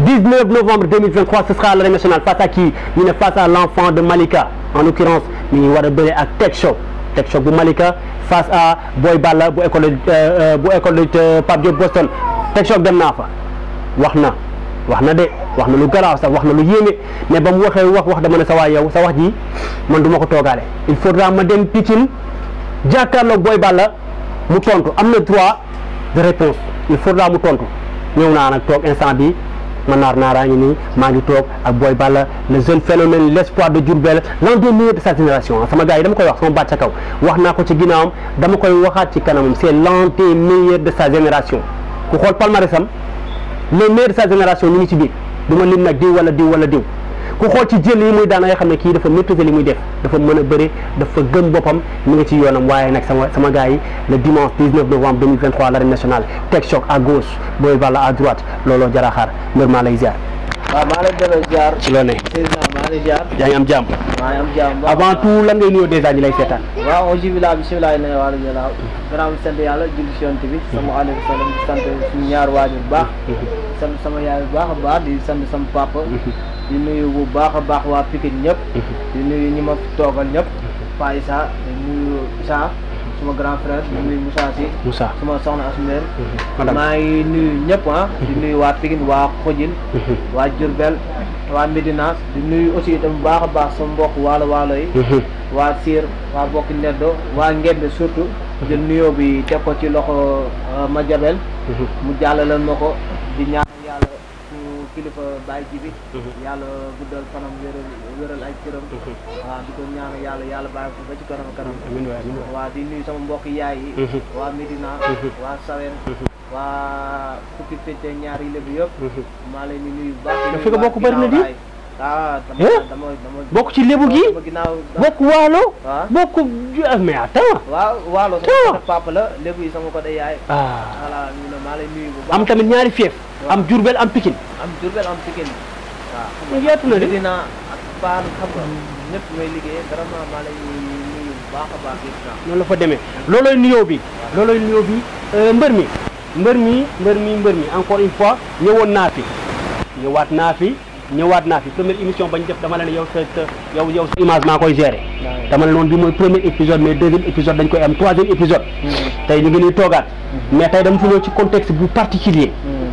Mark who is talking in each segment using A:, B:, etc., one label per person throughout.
A: 19 novembre 2023 ce sera à nationale face à qui ne face à l'enfant de Malika en l'occurrence il va war a tech ak tech Shop de Malika face à Boy Balla bu école euh, euh, bu école euh, Pape Diop Boston tech Shop de Nafa. Wahna, wahna de wahna na lu garaaw mais bon mu waxee wax wax dama ne sa waay yow sa wax ji man du ma ko il faudra ma dem Pikine Boy Balla mu tontu am droit de réponse il faudra mu tontu ñëw naa nag instant bi Manar Nara ni Mangi Tok ak Boy Bala le jeune phénomène l'espoir de Diourbel l'endémie de sa génération sama gars yi dama koy wax sama baat kaw wax naa ko ci ginnaawam dama koy waxat ci kanamum c'est est l'un de sa génération ku xol palmarèsam le meilleur de sa génération ni ci bi du ma lim nag diw wala di wala di ku xool ci jël yi muy daan nga xam ne kii dafa maîtriser li muy def dafa mën a bëri dafa gën boppam mu ngi ci yoonam waaye nag sama sama gars yi le dimanche 19 novembre 2023 l'arène nationale teg choc à gauche booy balla à droite looloo jara xaar mbir maa lay ziar waaw maa leen demee ziar. ci loo ne. maa yaa ngi am jàmm. maa ngi am jàmm avant tout lan ngay nuyoo dèjà ñu lay seetaan. waaw alhamdulilah bisimilah ne waa rajo laaw. gannaaw sant yàlla julli si yonent bi. sama alayhi salaam di ñaar waajur bu baax. Mhm. sant sama yaay bu baax a baax di sant sama papa. Mhm. di nuyu bu baax a baax waa Pikine ñëpp. Mhm. di nuyu ñi ma toogal ñëpp. Paa Issa di nuyu Issa. suma grand frère di nuyu Moussa Sy Moussa suma soxna Asmel maa ngi ñëpp ah mhm. di nuyu waa Pikine waa Xojil mhm. waa Diourbel waa Médina di nuyu aussi itam bu baax a baax sama mbokk waalo waalo yi mhm. waa Siir waa bokki Neddo waa Ngembe surtout jël bi te ko ci loxo euh, ma jabel mu jàllale ma ko di ñaan kilifa Baye Jibi mhm. yàlla guddal fanam wéral wéral ay cëram mhm. waaw di ko ñaan yàlla yàlla bàyyi ko ba ci kanam kanam waaw di nuyu sama mbokk yaay yi mhm. waa Medina waa Sawen waa fukki pété ñaar yi lébu yëpp di nuyu bu baax fi bokk di ah dama ci lébu gi bokk waalo. bokk ah, mais attends. waaw waalo sama papa la lébu yi sama côté yaay. Ah. voilà ñu ñaari fief. am Diourbel am Pikine. am Diourbel am Pikine waaw. yaatu na de dina ak Paar nuyu demee loolooy nuyoo bi. loolooy nuyoo bi euh, mbër mi. mbër mi mbër mi mbër mi encore une fois ñëwoon naa fi ñëwaat naa fi ñëwaat naa fi première émission bañ def dama la ne yow sa yow image maa koy gérer dama la noonu bi mooy premier épisode mais deuxième épisode dañ koy am troisième épisode hmm. tey ñu ngi nuy toogaat hmm. mais tey dama fi ñëw ci contexte bu particulier hmm.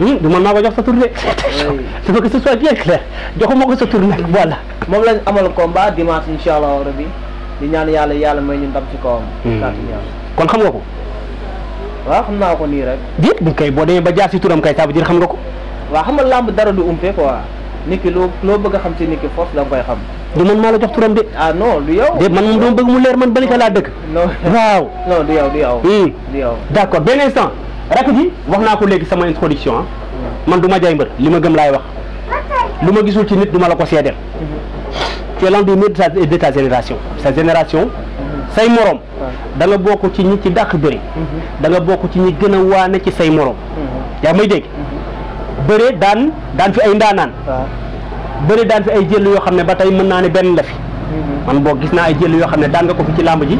A: du man maa ko jox sa tour de il faut que ce soit bien clair joxuma ko sa tour nag voilà moom lañ amal combat dimanche insha allahu rabi di ñaan yàlla yàlla may ñu ndam ci kawam kaatu hmm. ñaan kon xam nga ko waaw xam naa ko nii rek déet bu kay boo demee ba jaar si turam kay ça veut dire xam nga ko waaw xam nga làmb dara du umpe quoi nit ki loo loo bëgg a xam si nit ki force da nga koy xam du man maa la jox turam de ah non du yow de man moom dama bëgg mu leer man balika laa dëkk non waaw non du yow du yow hmm. du yow d' accord benn instant rakk ji wax naa ko léegi sama introduction ah. man du ma jaay mbër li ma gëm laay wax lu ma gisul ci nit duma la ko seedeel tu es l'un des meilleurs de ta génération sa génération say moroom da bokk ci ñi ci dàq bëri bokk ci ñi gën a waane ci say moroom yaa may dégg bëre daan daan fi ay ndaanaan bëre daan fi ay jël yoo xam ne ba tey mën naa ne benn la fi man boo gis naa ay jël yoo xam ne daan nga ko fi ci làmb ji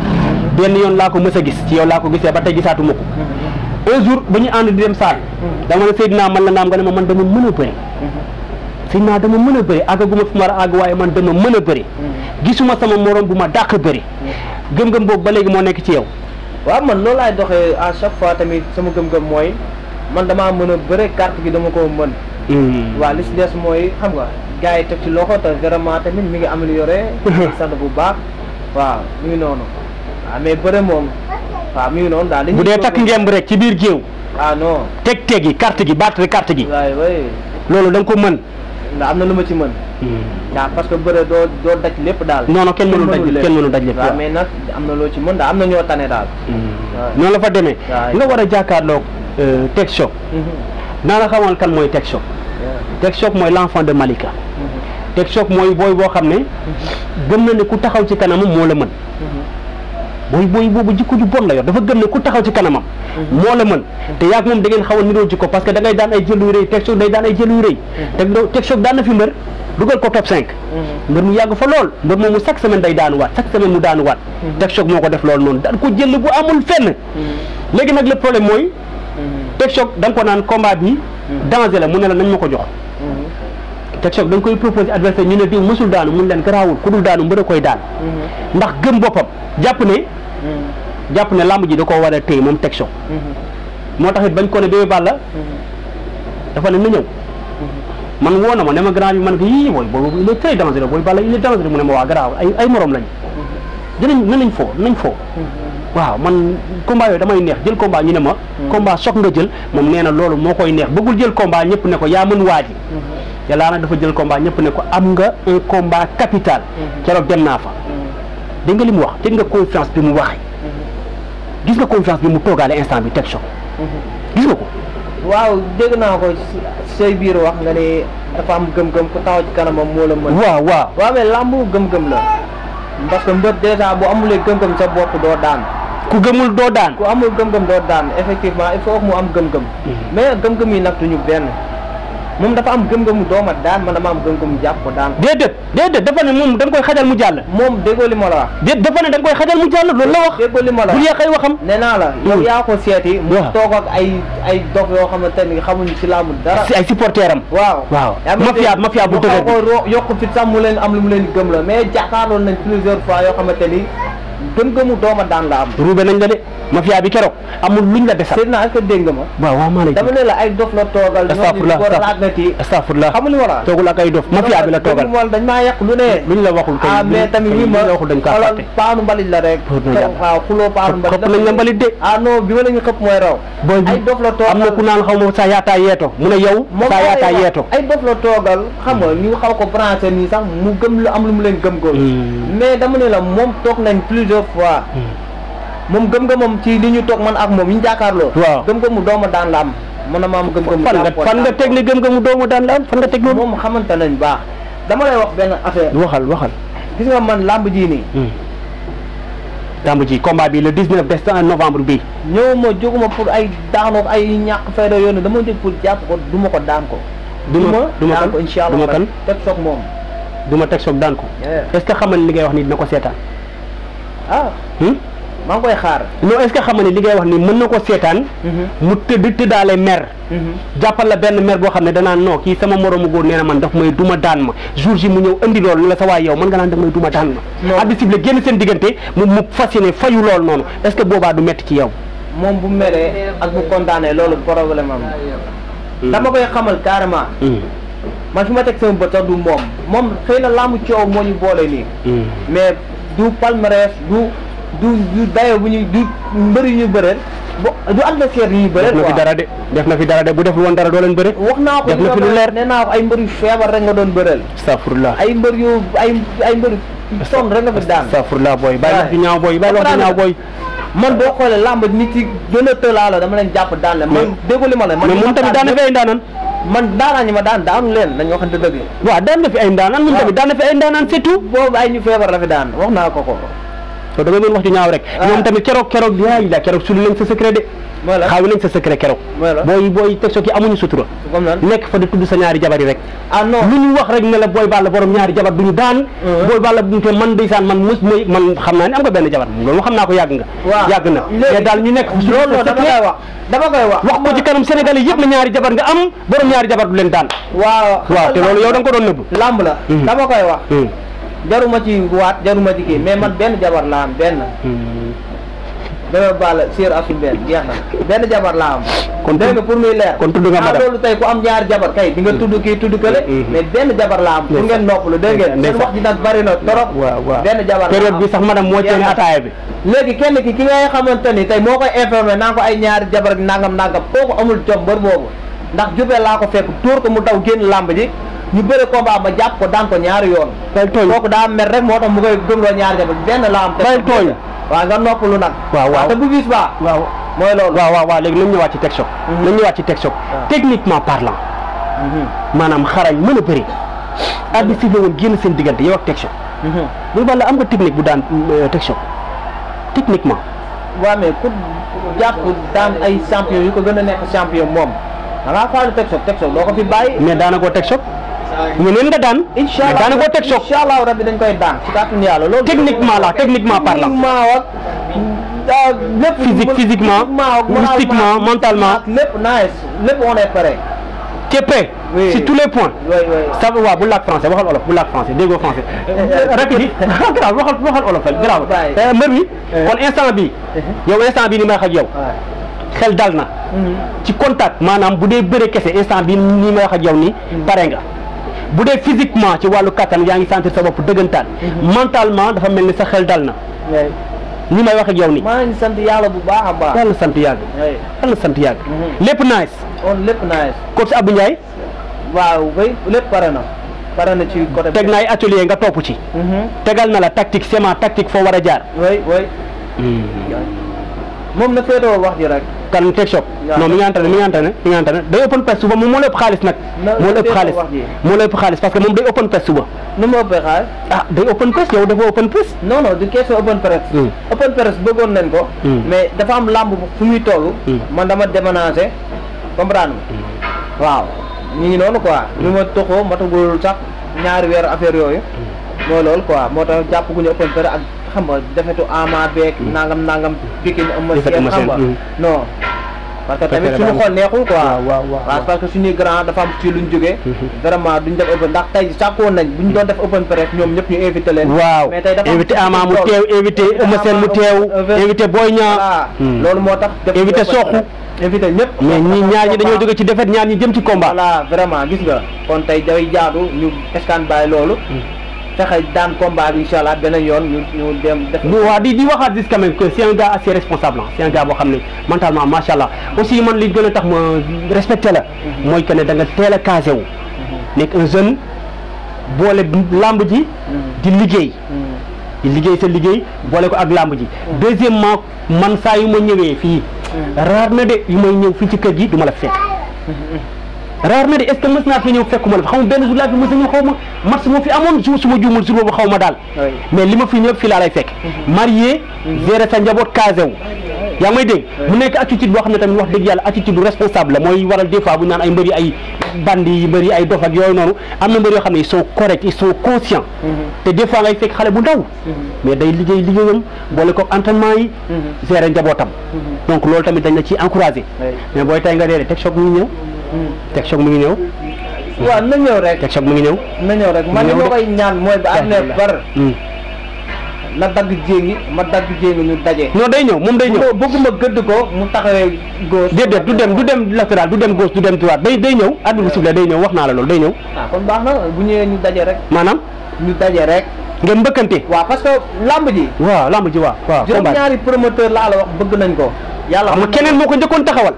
A: benn yoon laa ko mës a gis ci yow laa ko gisee ba tey gisaatuma ko un jour ba ñu ànd di dem saal mm-hmm. dama ne naa man la naam nga ma man dama mën a bëri
B: mm-hmm.
A: Seydina dama mën a bëri àggaguma fu ma war a àgg waaye man dama mën a bëri
B: mm-hmm.
A: gisuma sama morom bu ma dàq bëri gëm-gëm boobu ba léegi moo nekk ci yow waaw man loolu laay doxee à chaque fois tamit sama gëm-gëm mooy man damaa mën a bëre carte gi dama ko mën waa li si des mooy xam nga gars yi teg ci loxo te vraiment tamit mu ngi amélioré sant bu baax waaw mu ngi noonu waaw mais waaw mi ngi noonu daal bu dee takk ngemb rek ci biir géew. ah teg teg yi carte gi battre carte gi. loolu da ko mën. nga na lu ma ci mën. waaw hmm. parce que bëre doo daj lépp daal. non non kenn mënul daj lépp kenn mënul daj lépp. waaw mais nag am na loo ci mën daal am na ñoo daal. Hmm. noonu la fa demee. nga war a jàkkaarloog euh, Tek Choc. Mhm. naa la xamal kan mooy Tek Choc. Tek Choc mooy l' de Malika. Mhm. Tek Choc mooy booy boo xam ne mhm. gëm na ne ku taxaw ci kanamam moo la mën. booy boobu jikko ju bon la yor dafa gëm ne ku taxaw ci kanamam mhm. moo la mën te yaag moom da ngeen xaw a jikko parce que da ngay daan ay jël yu rëy Tek Shock day daan ay jël yu rëy mhm. Tek Shock daan na fi mbër dugal ko top 5 mhm. mbër mu yàgg fa lool mbër moomu chaque semaine day daanuwaat chaque semaine mu daanuwaat Tek Shock moo ko def loolu noonu daan ko jël bu amul fenn léegi nag le problème mooy Tek Shock da nga ko naan combat bi danger la mu ne la nañ ma ko jox te soog dañ nga koy proposé adversaire ñu ne diw mësul daanu mun leen garaawul ku dul daanu mbër a koy daan mhm. ndax gëm boppam jàpp ne mhm. jàpp ne làmb ji da koo war a téye moom teg soog mhm. moo tax it bañ ko ne Bébé Balla dafa ne na woo na ma ne ma grand bi man ko yii booy boobu il est très dangereux booy Balla il est nañ foo nañ foo waaw man combat damay neex jël combat ñu ne ma combat soog nga jël moom nee na loolu moo koy neex bëggul jël combat ñëpp ne ko yaa mën waaji yàlla nag dafa jël combat ñëpp ne ko am nga un combat capital. Mm-hmm. keroog dem naa fa. Mm-hmm. dégg nga li mu wax dégg nga confiance bi mu waxee. Mm-hmm. gis nga confiance bi mu toogaale instant bi teg choc. gis nga ko. waaw dégg naa ko say biir wax nga ne dafa am gëm-gëm ku taxaw ci kanamam moo la mën. waaw waaw waaw mais làmb gëm-gëm la. parce que mbët dèjà bu amulee gëm-gëm sa bopp doo daan. ku gëmul doo daan. ku amul gëm-gëm doo daan effectivement il faut mu am gëm-gëm. mais gëm moom dafa am gëm-gëmu dooma daan man dama am gëm-gëmu jàpp ko daan déedéet déedéet dafa ne moom da nga koy xajal mu jàll moom déggoo li ma la wax déet dafa ne da nga koy xajal mu jàll loolu la wax déggoo li ma la wax bu yeex ay waxam nee naa la yow hmm. yaa ko seeti mu toog ak ay ay dof yoo xamante ni xamuñu ci laamu dara ay supporter am waaw
B: waaw mafia mafia bu dëgër
A: ko yokku fit sax mu leen am lu mu leen gëm la mais jàkkaarloon nañ plusieurs fois yoo xamante ni gëm-gëmu dooma daan la am ruube nañ la de mafia bi keroog amul luñ la desal. Seydina est-ce que dégg nga ma. waaw waaw maa lay dama ne la ay dof la toogal. astafurlah astafurlah xamuñu wala toogul ak ay dof mafia bi la toogal dañ maa yàq lu ne. luñ la waxul tey mais tamit li ma waxul dañ kaa fàtte paanu mbalit la rek. waaw xuloo paanu mbalit xëpp lañ la mbalit de. ah non bi ma la ñu xëpp mooy raw. ay dof la toogal am na ku naan xaw ma sa yaataa yeeto mu ne yow. sa yaataa yeeto ay dof la toogal xam nga ñu xaw ko branché nii sax mu gëm lu am lu mu leen gëm ko mais dama ne la moom toog nañ plusieurs fois moom gëm moom ci li ñu toog man ak moom yi ñu jàkkaarloo. waaw gëm mu doomu daan la am. mën na ma am gëm-gëmu. fan nga fan nga teg ne gëm-gëmu doomu daan la am fan nga teg loolu. baax dama lay wax benn affaire. waxal waxal. gis nga man làmb ji nii. Hmm. làmb ji combat bi le 19 décembre novembre bi ñëwuma jóguma pour ay daanook ay ñàkk fayda yoon dama jóg pour jàpp ko duma ko daan ko. duma duma daan ko incha allah duma kan teg soog moom. duma teg soog daan ko. est-ce que xamal li ngay wax ni dina ko seetaan ah. hmm? maa ngi koy xaar non est ce que ne li ngay wax ni mën na ko seetaan mhm. mu tëdd tëddaale mer mhm. jàppal la benn mer boo xam ne danaan non kii sama moroomu góor nee na man daf may duma daan ma jour ji mu ñëw indi loolu ni la sa waay yow mën nga naan daf may duma daan ma addi cible génn seen diggante mu mu fasciné fayu loolu noonu est ce que boobaa du métti ci yow moom bu meree ak bu kontaanee loolu problème mm. dama koy xamal carrément mm. man fi ma teg sama bët sax du moom moom xëy na laamu coow moo ñu boole nii mm. mais du palmarès du du du bu ñuy du mbër yu ñuy bëreel bo du adversaire yu ñuy bëreel def na fi dara de def na fi dara de bu deful woon dara doo leen bëre wax naa ko def na fi lu leer nee naa ko ay mbër yu feebar rek nga doon bëreel astafurlah ay mbër yu ay ay mbër yu sonn rek nga fi daan astafurlah booy bàyyi wax ju ñaaw booy bàyyi wax ju man boo xoolee làmb nit yi gën a tëlaa dama leen jàpp daan la man déggu li ma la mais moom tamit man ñi ma daan daanu leen dañu waxante dëgg waaw daan na fi ay ndaanan moom tamit daan na fi ay ndaanan surtout boobu ay ñu feebar la fi daan wax naa ko ko yow da doon wax ju ñaaw rek ah. ñoom tamit keroog keroog yaay la keroog sulu nañ sa secret de xaawi nañ sa secret keroog booy booy TikTok yi amuñu sutura nekk fa di tudd sa ñaari jabar yi rek ah, lu ñu wax rek ne la booy balla borom ñaari jabar uh-huh. xam naa ne am nga benn jabar loolu na mais daal ñu nekk loolu dama koy wax dama koy wax wax ko ci kanam Sénégal yi yëpp na ñaari jabar nga am borom ñaari jabar du leen daan waaw waaw te loolu yow da nga ko doon nëbb lamb la mm-hmm. dama wax mm. jaruma ci wat jaruma ci ki mais man hmm. ben jabar la am ben dama hmm. baal séer asul benn jeex na ben jabar la am kon dégg nga pour muy leer kon tuddu nga madame loolu tay ku am ñaar jabar kay di nga hmm. tudd kii tudd kële mais ben jabar la am pour ngeen noppalu dégg ngeen seen wax di nag bari na torop ben jabar la torop bi sax madame mo ci ataay bi legui kenn ki ki ngay xamanteni tay moko informer nang ko ay ñaar jabar nangam nangam koku amul jom bër boobu ndax jubé la ko fekk tour ko mu daw genn lamb ji ñu bëre combat ba jàpp ko daan ko ñaari yoon. day tooy kooku daa mer rek moo ñaari jafe benn la am. day tooy waaw nga noppalu nag. waa waaw te bu bis ba. waaw mooy loolu. waaw waaw waaw léegi nañu ñëwaat mhm. mhm. maanaam xarañ mën a bëri. Mhm. arbitre bi woon génn seen diggante yow ak teg choc. bu am nga technique bu daan euh, teg choc techniquement. waaw mais ku jàpp daan ay champion yu ko gën a nekk champion moom a ngaa faalu teg choc teg choc doo ko fi bàyyi. mais daana ko teg choc. ñeneen nga daan. incha allah teg soog incha rabbi dañ koy daan ci kàttanu yàlla loolu. techniquement la techniquement parlant. Ah, lépp physique physiquement mystiquement mentalement lépp nice lépp on est prêt. tu es prêt sur tous les points. ça va waaw bu laag français waxal olof bu laag français dégo français. rek di grave waxal waxal olof rek grave. Oh, eh, mbër mi eh. kon instant bi uh-huh. yow instant bi ni may wax yow. xel dal na. Mm-hmm. ci contact manam bu béré bëre instant bi ni may wax yow ni mm-hmm. paré nga. bu dee physiquement ci wàllu kattan yaa ngi sentir sa bopp dëggantaan. Mhm. mentalement dafa mel ni sa xel dal na. ni may wax ak yow nii. bu baax a baax. yàlla sant yàgg. yàlla sant yàgg. Mhm. lépp nice. on lépp nice. coach Abdou Ndiaye. waaw kay na. pare na ci côté. teg naay atelier nga topp ci. Mhm. tegal na la tactique sema tactique foo war a jaar. oui oui. kan teg choc non mi ngi entraîné mi ngi entraîné mi ngi entraîné day open press suba moom moo la ëpp xaalis nag moo la ëpp xaalis moo la ëpp xaalis parce que moom day open press suba nu ma ëppee xaalis ah open press dafa mais dafa am làmb fu muy toll hmm. man dama déménagé comprendre hmm. waaw ñu ngi noonu quoi hmm. ñu ma toxoo matagul sax ñaari weer affaire yooyu mooy loolu quoi moo tax jàpp gu ñu ëppoon dara ak xam nga defetu ama beeg mm. nangam nangam pikin am seen xam nga mm. non parce que
B: tamit suñu xool
A: neexul quoi waaw parce que suñuy grand dafa am ci luñ jógee mm-hmm. vraiment duñ def open ndax tey sàkkoon nañ buñ doon def open press ñoom ñëpp ñu invité leen waaw mais tey dafa mu teew invité Eumeu Sène teew invité Boy Niang hmm. loolu moo tax def invité Sokh invité ñëpp mais ñi ñaar ñi dañoo jóge ci defet ñaar ñi jëm ci combat voilà vraiment gis nga kon tey day jaadu ñu eskaan bàyyi loolu hmm. fexe daan combat bi incha allah beneen yoon ñu ñu dem. def waaw di di waxaat juste quand même que c'est assez responsable ah c'est un boo xam ne mentalement macha allah aussi man li gën a tax ma respecté la. Mhm. mooy que ne da nga teel a casé wu. Mhm. nekk un jeune boole làmb ji. Mhm. di liggéey. di liggéey sa liggéey boole ko ak làmb ji. deuxièmement man saa yu ma ñëwee fii. raar na de yu may ñëw fii ci kër gi du la fekk. raar na de est ce naa fi ñëw fekkuma la fi xaw benn jour laa fi a ñëw xaw ma su ma juumul jour boobu xaw ma daal mais li ma fi ñëw fi laa lay fekk mhm. marié mhm. gérer sa njaboot kasew yaa mu nekk attitude boo xam ne tamit wax dëgg yàlla attitude bu responsable la mooy waral des fois bu am na mbëri xam ne ils sont corrects ils sont conscients mhm. te des fois ngay fekk xale bu ndaw mais day liggéey liggéeyam boole ko entraînement yi gérer njabootam loolu tamit dañ la ci encouragé mais booy tay nga dee teg choc ñu ñëw tekson choc mu ngi na ñëw rek tekson choc mu na ñëw rek man ñoo koy ñaan mooy ba am ne bar na dag jéngi ma dag jéngi ñu dajé non day ñew mom day ñew bëgguma gëdd ko mu taxawé gauche dédé du dem du dem latéral du dem gauche du dem droite day day ñew addu bu day ñew wax la lool day ñew ah kon baxna bu ñu dajé rek manam ñu dajé rek wa parce que lamb ji wa lamb ji wa wa ñaari promoteur la la wax bëgg nañ ko yàlla xam nga keneen moo ko njëkkoon taxawal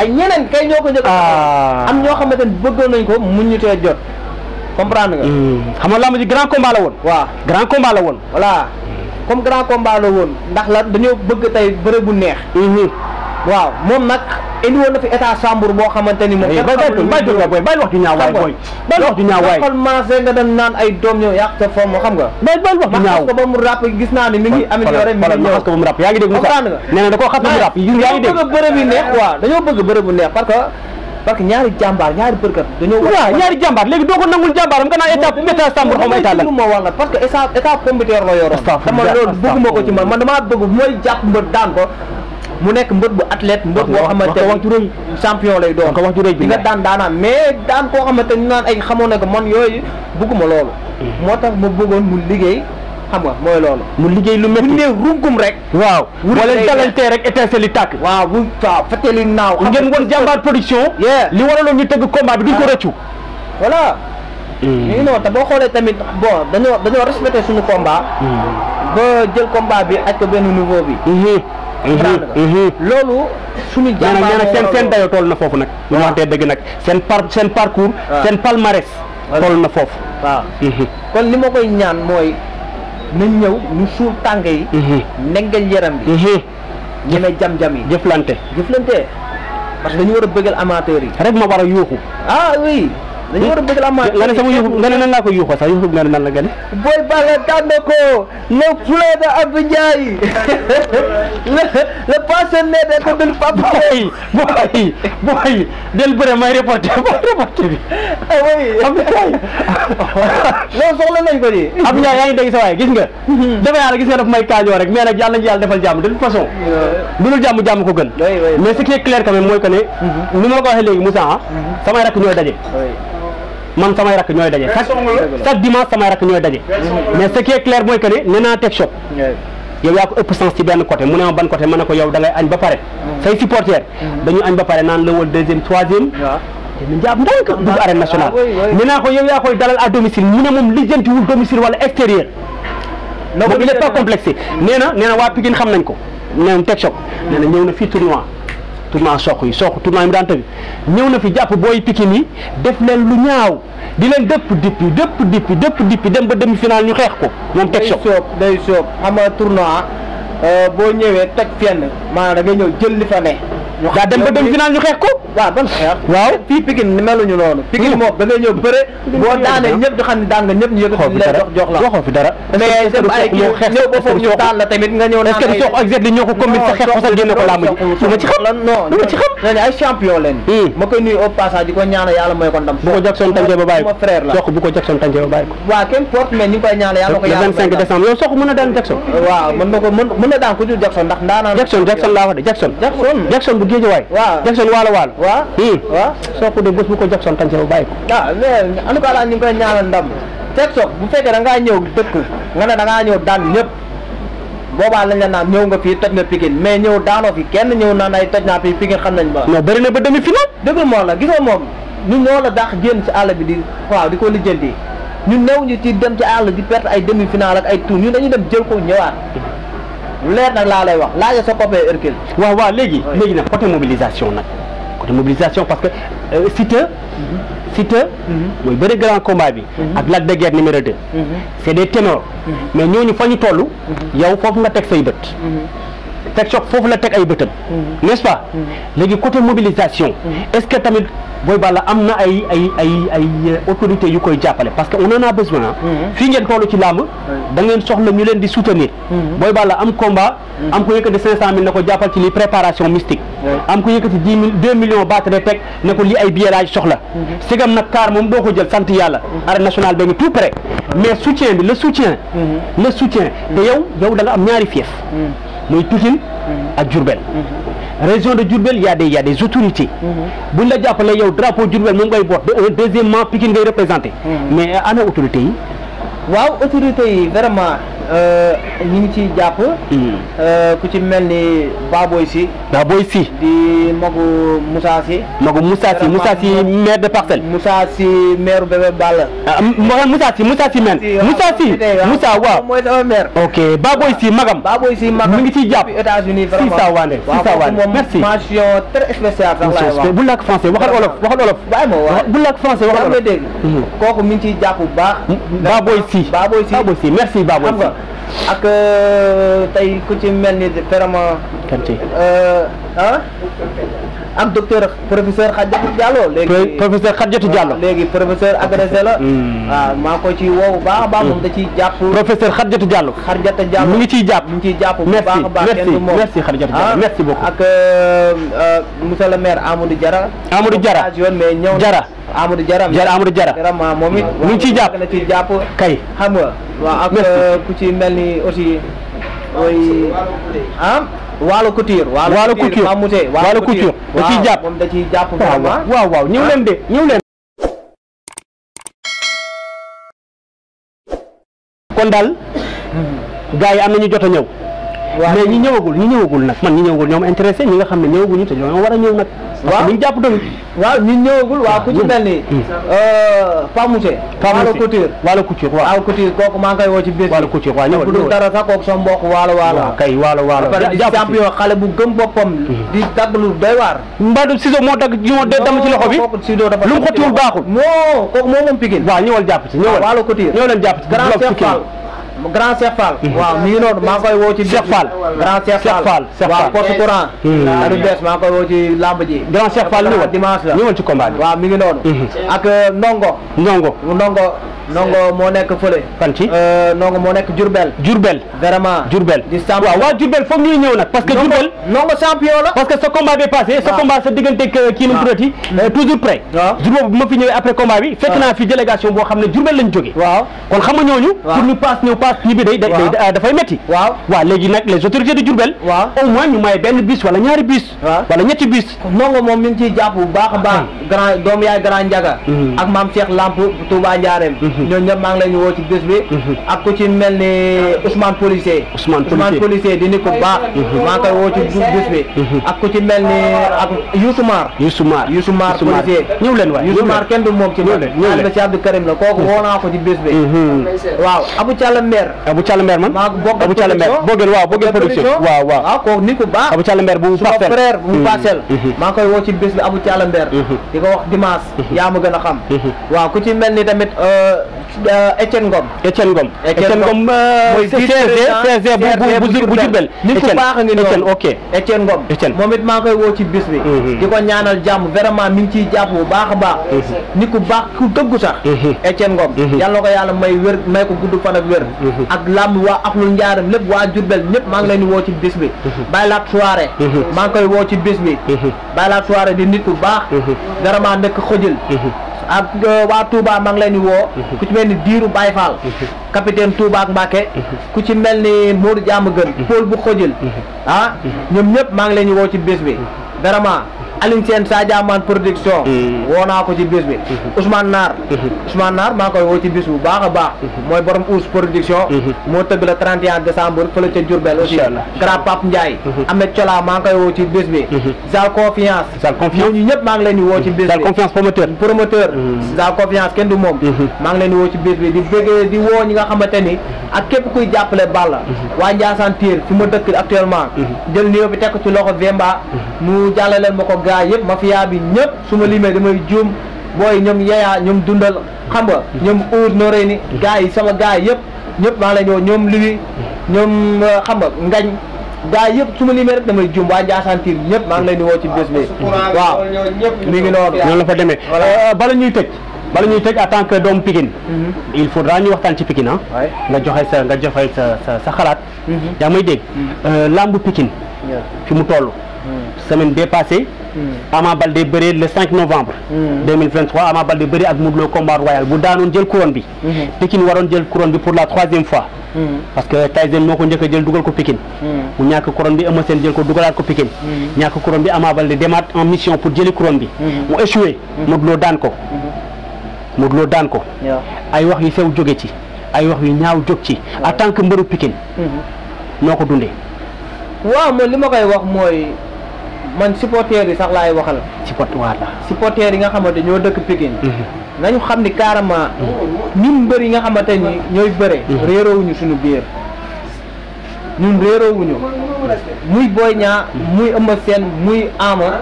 A: ay ñeneen kay ñoo ko njëkkoon ah. am ñoo xamante ne bëggoon nañ ko mu ñu tee jot comprendre nga hmm. xam nga lamb ji grand combat woon waa grand combat woon voilà hmm. comme grand compale woon ndax la dañoo bëgg tey bëre bu neex hmm. waaw mom nak indi woon na fi état Sambour bo xamanteni ni moom. Eh, kenn xamul bay bay bay wax di ñaaw waay booy. bay wax ju ñaaw waay kon commencé nga dañ nan ay dom doom yaq ta fam mo xam nga. bay bay wax di ñaaw ko ba mu rap gis na ni mi ngi. amélioré mi ngi ñëw xas ko ba mu rap yaa ngi dégg Moussa nee na da ko xat mu rap yu ngi dégg. bëgg bërëb yu neex wa dañoo bëgg bërëb bu neex parce que. parce que ñaari jambar ñaari bërkat dañoo wa ñaari jambar léegi do ko nangul jambar nga na état état Sambour xaw ma état la ma wax la parce que état état communautaire la yoro dama lool bëgg moko ci man man damaa bëgg moy japp mo daan ko mu nekk mbët bu atlet mbët boo xamante wax ju rëy champion lay doon wax ju rëy bi nga daan daanaan mais daan koo xamante ni naan ay xamoon na ko man yooyu bugguma loolu mm. moo tax ma bëggoon mu liggéey xam nga mooy loolu mu liggéey lu métti bu nee rungum rek waaw wala te rek étincelle yi tàkk waaw bu waaw fettee li naaw ngeen woon jàmbaar production li waraloon ñu tëgg combat bi duñ ko rëccu voilà ñu mm. non te boo xoolee tamit boo dañoo dañoo respecté suñu combat mm. ba jël combat bi ak benn niveau bi mm-hmm. Mhm, mhm. loolu suñu jàmbaar nee na seen seen dayo toll na foofu nag ñu waxtee dëgg nag seen par seen parcours seen palmarès toll na foofu waaw mhm. kon li ma koy ñaan mooy nañ ñëw ñu suur tànk yi nengal yaram bi ñu ne jam-jam yi jëflante jëflante parce que dañu war a bëggal amateur yi rek ma war a yuuxu ah dañu war a bëgg la amaat nga ne sama yuuxu nga ne nan laa ko yuuxoo sax yuuxu nga ne nan la gën booy bala tànn ko le poulet de Abdou Ndiaye le le passionné de ko dul papa booy booy booy bëre may reporté may reporté bi ah oui Abdou Ndiaye loolu soxla ko ni Abdou Ndiaye yaa ngi sa waay gis nga mhm. dafa yàlla gis nga daf may kaajoo rek mais nag yàlla nañu yàlla defal jàmm de toute façon lu dul jàmm jàmm ko gën mais ce qui est clair quand même mooy que ne mhm. ni ma la ko waxee léegi Moussa ah, mhm. rakk ñooy daje man samay rak ñoy dajé chaque dimanche samay rak ñoy dajé mais ce qui est clair moy que né néna tek shop yow ya ko ëpp sens ci benn côté mu ne ban côté ma ko yow da ngay añ ba paré say supporter dañu añ ba paré nan le wol deuxième troisième dina njaab ndànk dugg arène nationale nee naa ko yow ya koy dalal à domicile mu ne moom wul domicile wala extérieur non il est pas complexé nee na wa pigine xam nañ ko nee na shop choc ñew na fi tournoi tournoi soq yi soq tournoi yi mu daan tëgg ñëw na fi jàpp booy pikin yi def leen lu ñaaw di leen dëpp dippi dëpp dippi dëpp dippi dem ba demi final ñu xeex ko moom teg soog day soob ama tournoi euh, boo ñëwee toj fenn maanaam da ngay ñëw jël li fa ne daa dem ba dem final ñu xeex ko. waaw ban xeex. waaw fii Pikine ni meluñu noonu. Pikine moom da ngay ñëw bëre. boo daanee ñëpp di xam ne daan nga ñëpp ñu yëkkati ñu lay jox jox la waxoo fi dara. mais seen ay kii ñëw ba foofu ñu daan la tamit nga ñëw naan est-ce que sox ak zed li ñoo ko combine sa xeex xosal génne ko làmb ji lu ma ci xam lu ma ci xam ñooñu ay champion leen hmm. ma koy nuyu au passage di ko ñaanal yàlla mooy ko ndam bu ko Jackson tàncee ba bàyyi ko frère la sox bu ko Jackson tàncee ba bàyyi ko waaw kenn porte mais ñu ngi koy ñaanal yàlla ko yàlla le 25 décembre yow sox mën na daan Jackson waaw mën na ko mën na daan ku jur Jackson ndax ndaanaan Jackson Jackson laa wax de Jackson Jackson bu géej Jackson waalo waalo waaw waaw soo ko dee bés bu ko Jackson tan ci yow ko ah mais en tout cas daal ñu ñaanal ndam Jackson bu fekkee da ngaa ñëw dëkk nga ne da ngaa ñëw daan ñëpp boobaa lañ la naan ñëw nga fii toj mais fi kenn xam nañ ba na ba demi la ñoo la ci bi di waaw di ko lijjanti ñun néew ci dem ci di perte ay demi final ak ay tour ñun dañuy dem jël ko lu leer la laa lay wax laajal sa copain Hercule. wa wa légui légui nak côté mobilisation nak côté mobilisation parce que euh, Siteu. Mhm. Siteu. Mhm. mooy bëri grand combat bi. Mhm. ak la de guerre numéro 2. c'est des ténors. mais ñoo ñu fañu tollu yow fofu nga tek say bët section foofu la tek ay bëtam mm-hmm. n'est-ce pas mm-hmm. léegi côté mobilisation mm-hmm. est-ce que tamit Boy Balla am ay ay ay ay euh, autorités yu koy jàppale parce que on en a besoin hein. fi ngeen tolu ci lamb da ngeen soxla ñu leen di soutenir Boy Balla am combat am ko yëkkati cinq cent nako jappal ci li préparation mystique am ko yëkkati dix mille 2 millions battre teg ne ko li ay biélage soxla sigam nag kaar moom doo ko jël sante yalla arène national ba tout prêt mais soutien le soutien le soutien de yow yow da nga am ñaari fief nous Pikine à mhm. Djurbel. Mhm. région de il y a des il y a des autorités mhm. buñ la jappalé yow drapeau Diourbel moom ngay Deuxième deuxièmement Pikine ngay représenter mais ana autorité yi waaw autorité yi vraiment euh, ñu ci japp hmm. euh ku ci melni Baboy si. Baboy si. di Magu Moussa si. Magu Moussa si Moussa si maire de parcelle. Moussa si maire bébé Balla. ah Moussa si Moussa si men. Moussa si Moussa wa mooy sama maire. ok Baboy si Magam. Baboy si Magam mi ci japp jàpp. États-Unis vraiment si Sawane si Sawane merci. mention très spéciale sax laay wax. bu làkk français waxal olof waxal olof. bàyyi ma waaw bu français waxal olof. Hmm. kooku mi ngi ciy jàpp bu baax. Baboy si Baboy si merci Baboy si. ak euh, tey ku ci mel ni vraiment. Kanté euh, ah. ak docteur professeur Khadijatou Diallo. léegi professeur Khadijatou Diallo léegi professeur agressé la. Hmm. waaw maa ko ci woo bu baax a baax. Hmm. da ciy jàpp professeur Khadijatou Diallo. Khadijatou Diallo mu ngi ciy jàpp mu ngi ciy jàpp bu baax a baax. kenn du moom merci ah, merci Khadijatou Diallo ak euh, euh, monsieur le maire Amadou Diarra. Amadou Diarra mais ñëw Diarra. Amadou Diarra Diarra Amadou Diarra vraiment moom it. mu ngi ciy jàpp kay xam nga waaw ak euh, ku ci mel ni aussi. ওই ah waalo couture waalo couture mamute waalo couture da ciy jàpp moom da ciy jàpp vraiment waaw waaw ñëw leen de ah. ñëw leen kon daal gars yi am na ñu jot a ñëw mais ñi ñëwagul ñi ñëwagul nag man ñi ñëwagul ñoom intéressé ñi nga xam ne ñëwaguñu te ñoom war a ñëw nag waaw ñu jàpp tamit waaw ñi ñëwagul waaw ku ci mel ni hmm. euh, Pamousé Waalo Couture Waalo Couture waaw Waalo Couture kooku maa ngi koy woo ci biir Waalo Couture waaw ñëwal du dara sax kooku sama mbokk waalo waalo kay waalo waalo champion xale bu gëm boppam hmm. di dagg lu doy waar mbaadu Sido moo dagg ñu de dam ci loxo bi lu mu xottiwul baaxul non kooku moo moom Pikine waaw ñëwal jàpp si ñëwal Waalo Couture ñëw leen jàpp si grand chef grand Cheikh Fall mhm. waaw mi non ma koy wo ci Cheikh Fall grand Cheikh Fall waaw porte courant adu mhm. bees maa ma koy wo ci lamb ji grand Cheikh Fall ni wa dimanche la ñëwal ci combat waaw mi ngi non mhm. ak euh, ndongo ndongo ndongo ndongo mo nek fële fan ci euh, ndongo moo nekk jurbel Diourbel vraiment jurbel di champion waaw wa jurbel fo ñuy ñew nak parce que jurbel ndongo champion la parce que ce combat bi passé ce combat sa diggante euh, kii num turati mm. toujours prêt waaw Diourbel bu ma fi ñëwee après combat bi fekk na fi délégation bo xamné jurbel lañ joggé waaw kon xam nga ñooñu pour ñu passe ñëw passe ak ñibbi day day dafay métti waaw waaw léegi nag les autorités de Diourbel waaw au ñu may benn bus wala ñaari bus wala ñetti bus ndongo moom mi ngi ciy jàpp bu baax a baax hmm. grand doom yaay grand Ndiaga hmm. ak maam Cheikh Lamp Touba Ndiarème hmm. ñoo ñëpp maa ngi leen woo ci bés bi ak ku ci mel ni Ousmane policier Ousmane policier di nit ko baax maa ngi koy woo ci bés bi ak ku ci mel ni ak Youssou Mar Youssou Mar Youssou Mar policier ñëw leen waay Youssou kenn du moom ci man am na ci Abdou Karim la kooku woo naa ko ci bés bi waaw Abou Thiala Mère Mbeer Abou Thial Mbeer man Abou Thial Mbeer Bogen waaw Bogen production waaw waaw waaw ah, kooku nit ku baax Abou mm-hmm. Mm-hmm. maa koy woo ci bés bi Abou mm-hmm. di ko wax dimanche yaa ma gën a xam waaw ku ci mel ni tamit Etienne euh, euh, Ngom Etienne Ngom Etienne Ngom euh, CG bu bu Jurbel nit ku baax a noonu ok Etienne Ngom moom it maa koy woo ci bés bi di ko ñaanal a vraiment mi ngi ciy jàpp bu baax a baax nit ku baax ku dëggu sax Etienne Ngom yàlla ko yàlla may wér may ko gudd fan ak Mm-hmm. ak làmb waa axlul njaaram lépp waa jurbel ñëpp maa ngi leen di woo ci bis bi mm-hmm. bàyyi laat soirée mm-hmm. maa ngi koy woo ci bis bi bàyyi laat soirée di nit ku baax vraiment nekk xëjël ak euh, waa Touba maa ngi leen di woo ku ci mel ni diiru Baye Fall capitaine ak Mbacke ku ci mel ni Modou Diamaguen Paul bu xëjël ah ñoom ñëpp maa ngi leen woo ci bis bi vraiment Aline Sène Sadia Man production. Mm. woo naa ko ci bis bi. Mm-hmm. Ousmane Naar. Mm-hmm. Ousmane Naar maa koy woo ci bis baax a baax. Mm-hmm. mooy borom Ous production. moo tëgg la 31 décembre fële ca Diourbel aussi. grand Pape Ndiaye. Ahmed Thiola maa koy maa ngi woo ci bis bi. confiance promoteur. confiance moom. maa ngi leen di woo ci bis di bëggee di woo ñi nga xamante ak képp kuy jàppale Balla. waa Ndiassane Tyr fi ma dëkk actuellement. jël néew bi teg ci loxo Vemba. mu jàllaleel ma gaa yëpp mafia bi ñëpp su ma liimee damay juum booy ñoom yeyaa ñoom dundal xam nga ñoom uur noré ni gaa yi sama gaa yëpp ñëpp maa ngi lay ñëw ñoom liwi euh, xam nga ngañ gaa yëpp su ma limee rek damay juum waa Ndiassane ñëpp maa ngi lay nuyoo ci bés bi waaw mi ngi noonu noonu la fa demee euh, bala ñuy tëj bala ñuy tëj en tant que doomu Pikine mhm. il faudra ñu waxtaan ci Pikine ah nga joxe sa nga joxe sa sa xalaat mhm. yaa may dégg mhm. euh, làmb Pikine fi mu toll semaine bee passée. Hmm. Ama Baldé bëree le 5 novembre. 2023 hmm. Ama Baldé bëree ak Modou Lo royal bu daanoon jël couronne bi. Hmm. Pikine waroon jël couronne bi pour la troisième fois. parce que Tyson moo ko njëkk a jël dugal ko Pikine. mu ñàkk couronne bi Eumeu Sène jël en mission pour jëli couronne bi. mu échoué. Modou daan ko. Modou daan ko. ay wax yu sew jóge ci ay wax yu ñaaw jóg ci a tant que mbëru Pikine. noo ko dundee. waaw man li ma koy wax mooy. man supporters yi sax laay waxal. supporter la supporters yi nga xamante ñoo dëkk Pikine. Mhm. nañu xam ni carrément. ñun mbër yi nga xamante ni ñooy bëre. Mhm. réeroowuñu suñu biir ñun réeroowuñu muy booy ñaa muy Eumeu seen muy Ama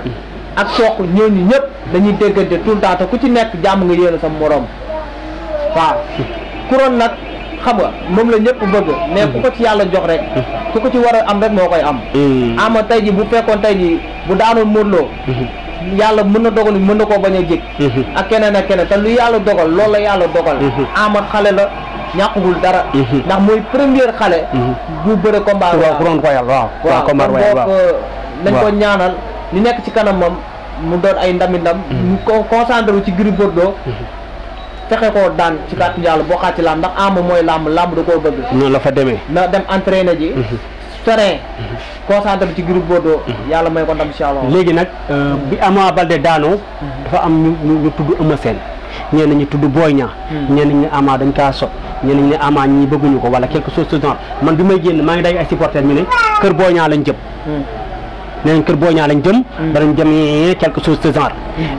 A: ak Sokh ñooñu ñëpp dañuy déggante tout le te ku ci nekk jàmm nga yéene sa morom waaw mhm. couronne nag. xam nga moom la ñëpp bëgg mais ku ko ci yàlla jox rek ku ko ci war am rek moo koy am mm. ama tey ji bu fekkoon tey ji bu daanoon Modou Lo mm-hmm. yàlla mën na dogal mën na koo bañ a jég mm-hmm. ak keneen ak keneen te lu yàlla dogal loolu la yàlla dogal mm-hmm. ama xale la ñàkkugul dara ndax mooy première xale bu bëre combat royal waaw waaw combat royal waaw euh, nañ ko ñaanal ñu nekk ci kanamam mu doon ay ndami ndam ñu ko concentré wu ci Gris Bordeaux fexe koo daan ci kàttu yàlla bokkaat ci làmb ndax am mooy làmb làmb da koo bëgg. noonu la fa demee. na dem na ji. terrain. Mhm. concentré ci groupe Bordeaux. Mhm. yàlla may ko ndam incha allah. léegi nag euh, mhm. bi amaa Baldé daanoo. dafa am ñu ñu tudd Eumeu Sène ñenn ñu tudd booy Niang. ñenn ñi Ama dañ kaa sot ñenn ñi ne ñi bëgguñu ko wala quelque chose de genre man bi may génn maa ngi day ay supporters ñu ne kër Boy Niang lañ jëm. neen kër boo ñaa lañ jëm danañ jëm eh, quelque chose de genre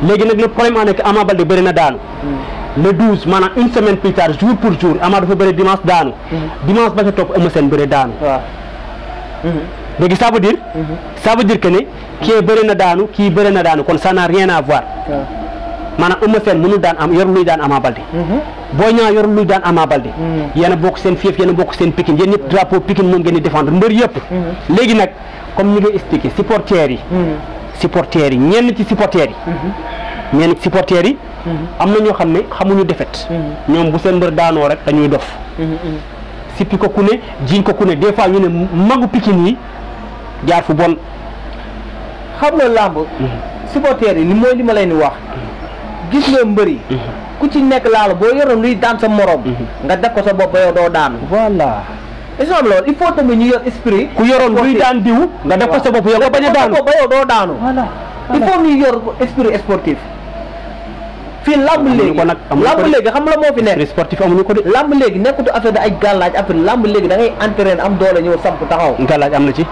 A: léegi nag le problème en est que bëri na daanu le 12 maanaam une semaine plus tard jour pour jour Ama dafa bëre dimanche daanu. Mm-hmm. dimanche ba ca topp Eumeu Sène bëre daanu. waaw. Mm-hmm. léegi ça veut dire. Mm-hmm. ne kii bëre na daanu kii bëre na daanu kon ça n'a rien à voir. maanaam Eumeu mënul daan am yor luy daan Ama Baldé. Boy Niang yor luy daan Ama Baldé. yéen a bokk seen fief yéen bokk seen Pikine yéen ñëpp drapeau Pikine moom ngeen di défendre mbër yëpp. léegi nag comme ni nga expliqué supporters yi. supporters yi ñenn ci supporters yi. ñenn yi. Mm-hmm. am na ñoo xam ne xamuñu defet mm-hmm. ñoom bu seen mbër daanoo rek dañuy dof mm-hmm. sippi ko ku ne jiiñ ko ku ne des fois ñu ne magu pikin yi jaar fu bon xam nga làmb supporters yi ni mooy li ma leen di wax gis nga mbër yi ku ci nekk laala boo yoroon luy daan sa morom nga def ko sa bopp yow doo daanu voilà exemple loolu il yor esprit ku yoroon luy daan diw a daanu ba yow doo daanu il faut ñu yor esprit sportif fii làmb léegi làmb léegi xam la moo fi nekk sportif amuñu ko de làmb léegi nekkatu affaire da ay gàllaaj affaire làmb léegi da ngay entraîné am doole ñëw samp taxaw gàllaaj am na ci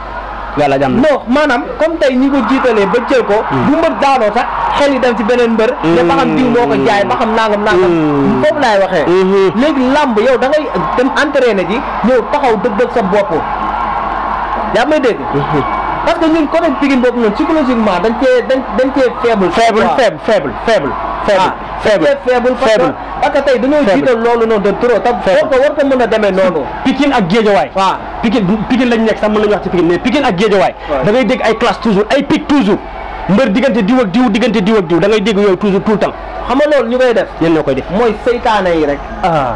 A: gàllaaj am na non maanaam comme tey ñi ko jiitalee ba jël ko hmm. bu mbër daanoo sax xel yi dem ci beneen mbër da hmm. ba xam diw moo ko jaay ba xam nangam nangam hmm. foofu laay waxee léegi làmb yow da ngay dem entraîné ji ñëw taxaw dëgg-dëgg sa bopp yaa may dégg parce que ñun côté Pikine boobu noonu psychologiquement dañ cee dañ dañ cee faible faible faible faible faible ah. faible faible faible parce que tey dañoo jiital loolu noonu de trop te boo ko a demee noonu Pikine ak Géejawaay waaw Pikine Pikine nekk sax mën nañu wax ci Pikine mais Pikine ak Géejawaay da dégg ay classe toujours ay pic mbër diggante diw ak diw diggante diw ak diw da dégg yooyu toujours tout le temps xam nga ñu koy def yéen ñoo koy def mooy seytaane yi rek ah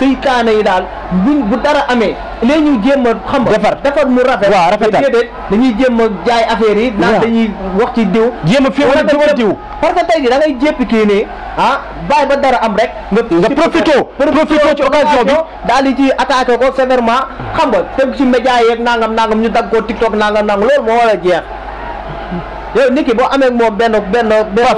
A: yi daal buñ bu dara amee léegi ñu jéem xam nga defar defar mu rafet waaw rafetal déedéet dañuy jéem jaay affaire yi naan dañuy wax ci diw jéem a féewal diw ak diw parce que tey jii da ngay jéppi kii nii ah bàyyi ba dara am rek. nga profité profité ci occasion bi daal di ci attaqué ko sévèrement xam nga teg ci média yeeg nangam nangam ñu dagg ko TikTok nangam nangam loolu moo war a jeex. yow nit ki boo amee moom benn benn.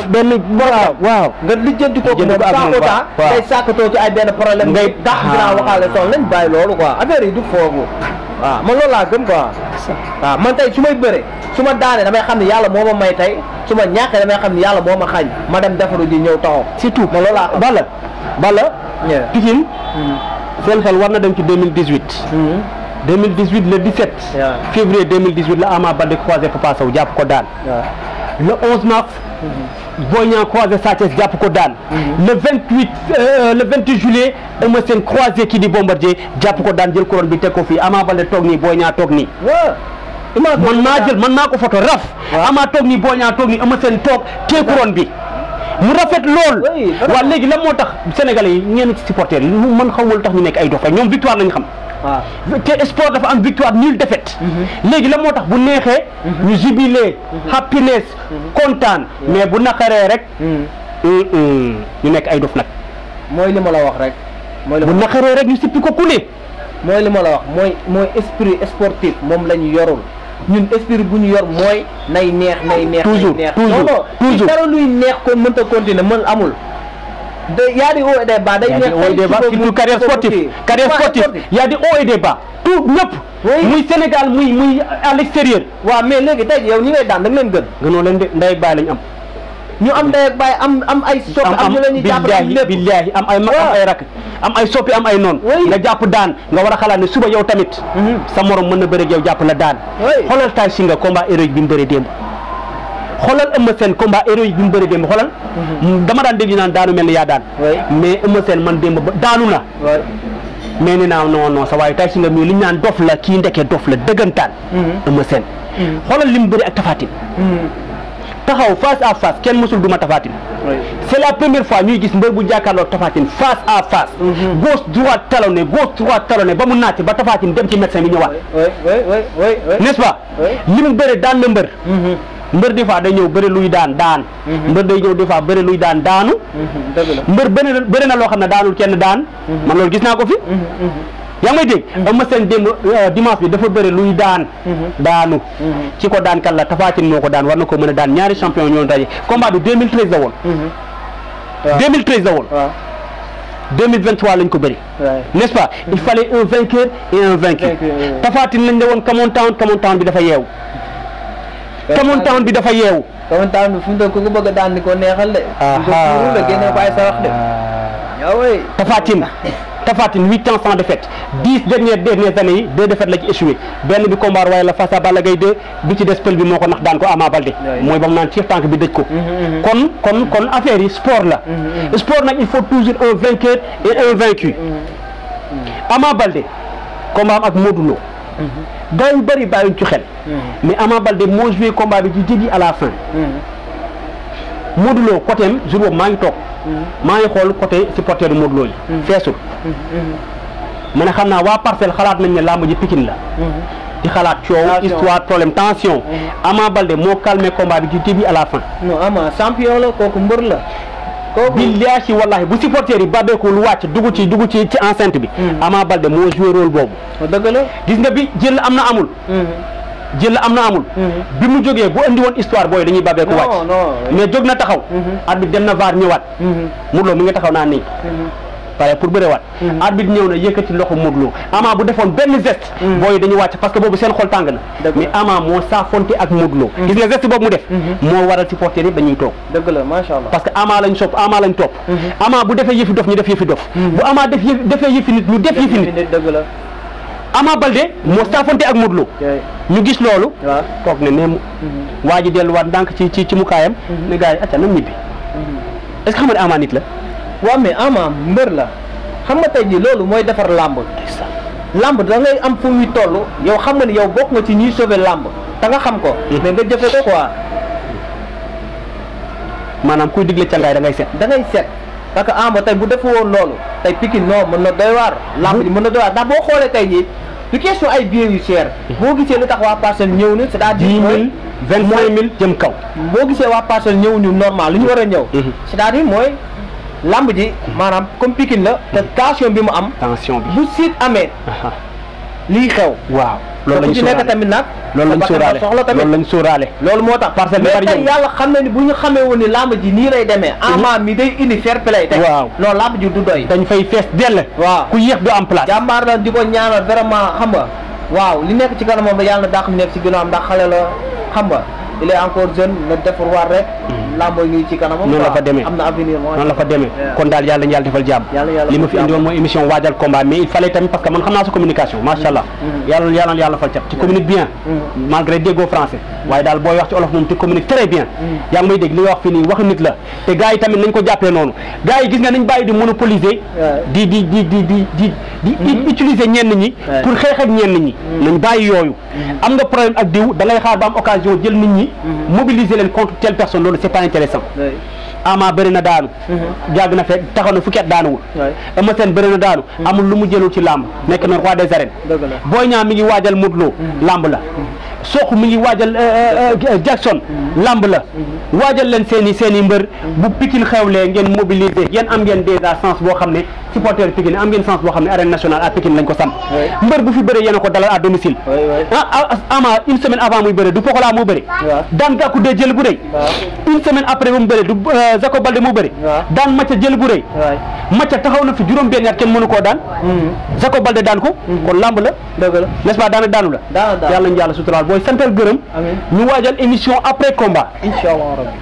A: benn waaw waaw nga lijjanti ko. lijjanti ko ak moom waaw ngay sàkkatoo ci ay benn problème. ngay dàq ah. dinaa waxaale soxla nañ bàyyi loolu quoi affaire yi du foofu. Ah, man loolu laa gëm quoi. waaw ah, man tey su may bëre su ma daanee damay xam ne yàlla moo ma may tey. su ma ñàkkee damay xam ni yàlla moo ma dem defaru ji ñëw taxaw tout ma loolu laa bala bala Pikine mm-hmm. seen xel war na dem ci 2018 2018 mm-hmm. le 17 février 2018 la Ama Baldé croisé Papa saw japp ko daan le 11 mars mm-hmm. Boy croisé Sa Thiès jàpp ko daan le 28 euh, le 28 juillet ama sen croisé kii di Bombardier japp ko daan jël couronne bi teg ko fii Ama Baldé tok ni Boy tok ni man maa jël man maa ko photo raf amaa toog ni booñaa toog ni ama seen toog tee couronne bi mu rafet lool waaw léegi lan moo tax sénégalais yi ñenn ci supporters yi lu man xaw tax ñu nekk ay dof rek ñoom victoire lañ xam te sport dafa am victoire nul défaite mhm. léegi la moo tax bu neexee mhm. ñu jubilé mhm. happiness kontaan mais bu naqaree rek ñu nekk ay dof nag mooy li ma la wax rek mooy bu naqaree rek ñu sippi ko kule mooy li ma la wax mooy mooy esprit sportif moom la ñu yorul ñun esprit bu ñu yor mooy nay neex nay neex. toujours toujours non non dara luy neex kon mënut a continuer mën amul. de y a des hauts et des bas day neex ay débat surtout carrière sportive carrière sportive y a des hauts et des ñëpp. muy Sénégal muy muy waa l'extérieur. waaw mais léegi tey ngay daan da leen gën. gënoo leen de nday bàyyi lañ am. ñu am na ak baay am am ay soppi am am ay mag am ay rakk ay soppi am ay noon nga jàpp daan nga war a xalaat ne suba yow tamit mhm. sa morom mën na bëre yow jàpp la daan xoolal tay si nga combat héroïque bi mu bëri démb xoolal Eumeu Sène combat héroïque bi mu bëri démb xoolal mhm. dama daan dégg naan daanu mel ni yaa daan mais Eumeu Sène man démb ba daanu na mais nee naa non non sa waaye tay si nga mii li ñu naan dof la kii ndekee dof la dëggantaan mhm. Eumeu Sène xoolal li mu bëri ak Tapha taxaw face à face kenn mësul duma Tapha Tine c'est la première fois ñuy gis mbër bu jàkkaarloo Tapha Tine face à face mhm. gauche droite talonné gauche droite talonné ba mu naati ba Tapha dem ci médecin bi ñëwaat n'est-ce li mu bëre daan la mbër mhm. mbër des fois day ñëw bëri luy daan daan mhm. mbër day ñëw des fois bëri luy daan daanu mbër bëri na loo xam ne daanul kenn daan man loolu gis naa ko fi yaa ngi may dégg Eumeu mm-hmm. Sène euh, bi dafa bëri luy daan mm-hmm. daanu mm-hmm. ki ko daan kan la Tapha Tine ko daan war na ko mën a daan ñaari champion ñoo daje combat bi 2013 la woon 2013 la woon lañ ko bëri n'est-ce pas il fallait un vainqueur et un vaincu Tapha Tine lañ ne woon Camon Town Camon Town bi dafa yeewu Camon Town bi dafa yeewu Camon Town bi fu mu toll ku ko bëgg a daan ni ko neexal de ko Tafatine huit ans sans défaite 10 dernières dernières années deux défaites la ci échoué Ben bi combat waaye la face à Balla 2 bi ci qui pël bi moo ko nax daan ko Ama Baldé mooy ba mu Comme ci bi ko mm-hmm, mm-hmm. kon kon kon affaire yi sport la mm-hmm, sport nag il faut toujours un vainqueur et un vaincu Ama Balde combat am ak Modou Lo gars yu bëri bàyyiñ ci xel mais Ama Balde moo joué combat bi ci début à la fin Modulo, Lo côté je jour boobu maa ngi maa ngi xool côté supporter du Modou Lo yi mm-hmm. feesul mm-hmm. ma ne xam naa waa parcelle xalaat nañ ne làmb ji la mm-hmm. di xalaat coow histoire problème tension Ama Baldé moo calmé combat bi du début à la fin non champion la kooku mbër la kooku billaahi wallaahi bu supporter yi babeeku lu wàcc dugg ci dugg ci ci enceinte bi Ama Baldé moo joué rôle boobu gis nga bi jël am na amul jël am na amul. Mhm. bi mu jógee bu andi woon histoire booy dañuy babee ko wàcc. mais jóg na taxaw. Mhm. arbitre dem na vaar ñëwaat. Mhm. Modou Lo mi nga taxaw naa nii. pare pour bëre waat. arbitre ñëw na yëkkati loxo Modou Lo Ama bu defoon benn geste. booy dañuy wàcc parce que boobu seen xol tàng na. mais Ama moo saafonte ak Modou Lo. gis nga geste boobu mu def. moo waral supporter yëpp dañuy toog. la parce que Ama lañ sopp Ama lañ topp. Ama bu defee yëfi dof ñu def yëfi dof. bu Ama def yëfi defee Ama Balde moo saafonte ak Modou ñu gis loolu toog ne neemu mhm. waa ji delluwaat ndànk ci ci ci mukaayam mhm. ne gars yi acca nan ñibbi
B: mhm.
A: est xam ne Ama nit la waaw mais Ama mbër la xam nga tey jii loolu mooy defar làmb làmb da ngay am fu muy yow xam nga ne yow bokk nga ci ñuy sauver làmb danga xam ko mais nga jëfe ko quoi maanaam kuy digle cangaay da ngay seet da ngay seet parce que Ama tey bu defu woon loolu tey Pikine non mën na doy waar lamb ji mën na doy waar ndax boo xoolee tey jii du question ay billets yu cher boo gisee lu tax waa parcelle ñëw na c'est-à-dire dix mille vingt cinq jëm kaw boo gisee waa parcelle ñëw ñu normal lu ñu war a ñëw mhm. c'est-à-dire mooy lamb ji maanaam comme Pikine la te mhm. tension bi mu am tension bi bu siit amee lii xew waaw loolu lañ sóoraale tamit nag loolu lañ sóoraale soxla tamit loolu lañ sóoraale loolu moo tax parcelle mais tey yàlla xam na ni bu ñu xamee woon ni lamb ji nii lay demee ama mi day indi fair play tey waaw non lamb ji du doy dañ fay fees dell waaw ku yéex du am place jàmbaar la di ko ñaanal vraiment xam nga waaw li nekk ci kanamam yàlla na daax li nekk ci ginnaaw am ndax xale la xam nga il est encore jeune na defar waar rek hmm. làmboo ñuy ci kanamam noonu la fa demee am avenir noonu la fa demee kon dal yalla ñu yàlla defal jamm li ma fi indi woon mooy émission waajal combat mais il fallait tamit parce que man xamna sa communication machallah mm-hmm. mm-hmm. yalla yalla yalla fal ci mm-hmm. communique bien malgré dégo français waye dal boy wax ci olof moom te communique très bien ya ngui may dégg li wax fini wax nit la té gaay tamit nañ ko jappé non gaay yi gis nga nañ bayyi di monopoliser di di di di di di di utiliser ñenn ñi pour xeex ak ñenn ñi nañ bayyi yoyu am nga problème ak diw da ngay xaar ba am occasion jël nit ñi mobiliser len contre telle personne loolu c'est pas intéressant ama bëri na daanu jàgg na fe taxaw na fukki at daanuwul Eumeu Sène bëri na daanu amul lu mu jëlul ci lamb nek na roi des arènes Boy ñaan mi ngi waajal Modou lamb la soq mi ngi waajal euh, euh, euh, Jackson lamb la waajal leen seen i seen i mbër bu Pikine xewlee ngeen mobiliser yéen am ngeen déjà sens boo xam ne supporter Pikine am ngeen sens boo xam ne arène nationale à Pikine lañ ko sam mbër bu fi bëre yéen a ko dalal à domicile ah, ah, ah ama une semaine avant muy bëre du Pokola moo bëre daan gàkku dee jël bu rëy une semaine après bu mu bëre du Jacob Baldé moo bëre daan macca jël bu rëy macca taxaw na fi juróom benn at kenn koo daan Jacob mm-hmm. Baldé daan ko mm-hmm. kon lamb la n'est-ce mooy santal gërëm. ñu waajal émission après combat. inshallah rabbi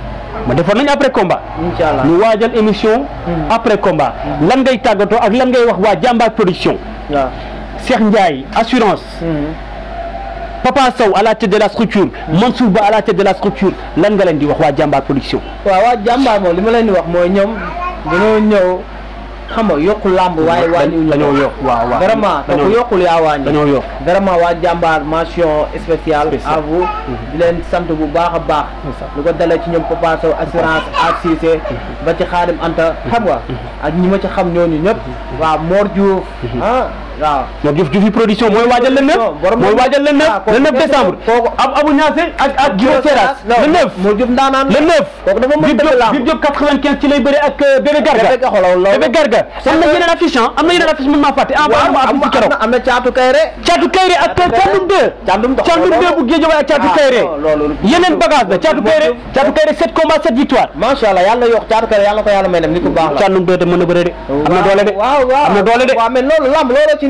A: ma defoon nañu après combat. inshallah ñu waajal émission. Hmm. après combat. lan ngay tàggatoo ak lan ngay wax wa jamba production. wa Cheikh Ndiaye assurance. Hmm. Papa saw à la tête de la structure. Hmm. Mansour Ba à la tête de la structure lan nga leen di wax wa jamba production. wa wa jamba mo li ma leen di wax moy ñom dañu ñew xam nga yokkul làmb waaye wàññiwuñu dañoo yokk waaw waaw vraiment te yokkul yaa wàññi dañoo yokk vraiment waa jàmbaar mention spéciale à vous mhm. di leen sant bu baax a baax lu ko dalee ci ñoom Papa Sow assurance ACC mhm. ba ci Xaadim Anta xam nga mhm. ak ñi ma ci xam ñooñu ñëpp waa Mor Diouf ah Na jëf ju fi production mooy waajal le neuf mooy waajal le neuf le neuf décembre ab Abou Niassé ak ak Guiro Seras le neuf moo jub ndaanaan le neuf Bib Diop 95 ci lay bëri ak bébé Garga bébé Garga am na yeneen affiche am na yeneen affiche mën maa fàtte envoyé ma affiche keroog am na Caatu Kayre Caatu Kayre ak Candum 2 Candum 2 bu Guédiawaye ak Caatu Kayre yeneen bagage la Caatu Kayre Caatu Kayre 7 combats 7 victoire macha Allah yàlla yokk Caatu Kayre yàlla ko yàlla may dem ni ku baax la Candum 2 de mën na bëre de am na doole de am na doole de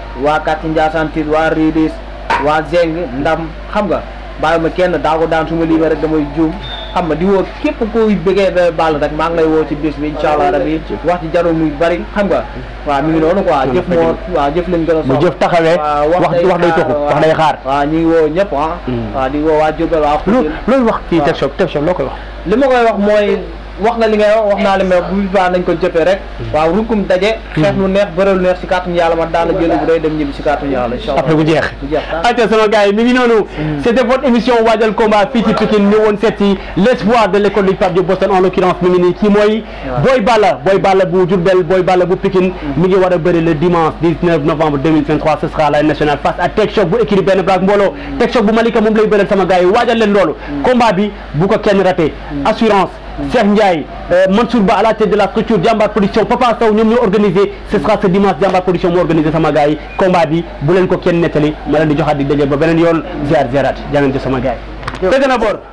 A: waa kàcci Ndiassane Tine waa Ridis waa Zeng ndam xam nga bàyyi ma kenn daa ko daan su ma liimee rek damay juum xam nga di woo képp kuy bëggee ba ball rek maa ngi lay woo ci bis bi incha allah rabi wax ci jaru muy bari xam nga waaw mi ngi noonu quoi jëf moo waaw jëf lañ gën a soxla bu jëf taxawee wax wax day toxu wax day xaar waaw ñu woo ñëpp ah mm. di woo waa Diourbel waa loolu wax ci Tek Choc Tek Choc loo koy wax li ma koy wax mooy waxna li ngay waxna wax naa li may bu baax nañ ko jëfee rek hmm. waaw rukum dajé hmm. xeex lu neex bëre neex ci kàttanu yalla ma daana jël bu day dem ñibi ci kàttanu yalla incha après bu jeex ayca ah. sama gaay yi mi ngi noonu hmm. c'était votre émission wadjal combat fii ci Pikine ñu woon seet l'espoir de l'école du Pape Diop Boston en l'occurrence mi ngi nii kii mooy Boy Balla Boy Balla bu Diourbel Boy Balla bu Pikine mi ngi war bëri le dimanche 19 novembre 2023 ce sera la nationale face à Tek Choc bu équipe ben braak mbolo Tek Choc bu Malika mom lay bëral sama gaay wadjal waajal leen loolu combat bi bu ko kenn raté assurance Cheikh Ndiaye euh, Mansour Ba à la tête de la structure Jambar Production Papa Sow ce sera ce dimanche Jambar organisé sama gars combat bi bu ko kenn di di ba ziar